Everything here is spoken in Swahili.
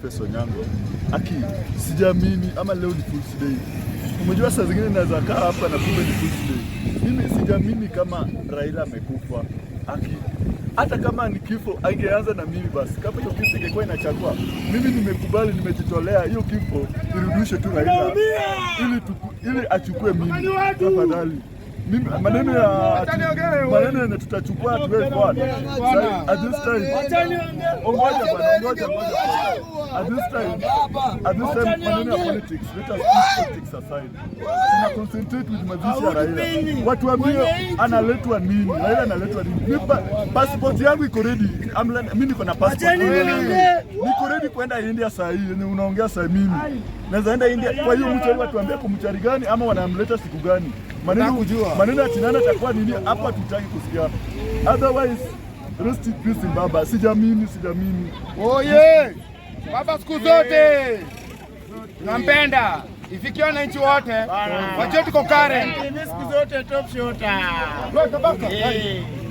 Boniface Onyango. Aki, sijaamini ama leo ni full day. Umejua saa zingine naweza kaa hapa na kumbe ni full day. Mimi sijaamini kama Raila amekufa. Aki, hata kama ni kifo angeanza na mimi basi. Kama hiyo kifo ingekuwa inachagua, mimi nimekubali, nimejitolea hiyo kifo irudishe tu Raila ili, tuku, ili achukue mimi tafadhali maneno ya maneno yenye tutachukua tuwe bwana. At this time, ongoja bwana, ongoja bwana. At this time, at this time, maneno ya politics, let us put politics aside. Tuna concentrate with mazishi ya Raila. Watu wambie analetwa nini? Raila analetwa nini? Nipa passport yangu iko ready. Mimi niko na passport. Niko ready kuenda India saa hii yenye unaongea saa mimi. Naweza enda India. Kwa hiyo mtu watuambia kumchari gani ama wanamleta siku gani? maneno maneno atinana atakuwa nini hapa, tutaki kusikia otherwise. Rest in peace Mbaba, sijamini, sijamini. Oye Baba, siku zote nampenda ifikia wananchi wote, wajue tuko current siku zote top shota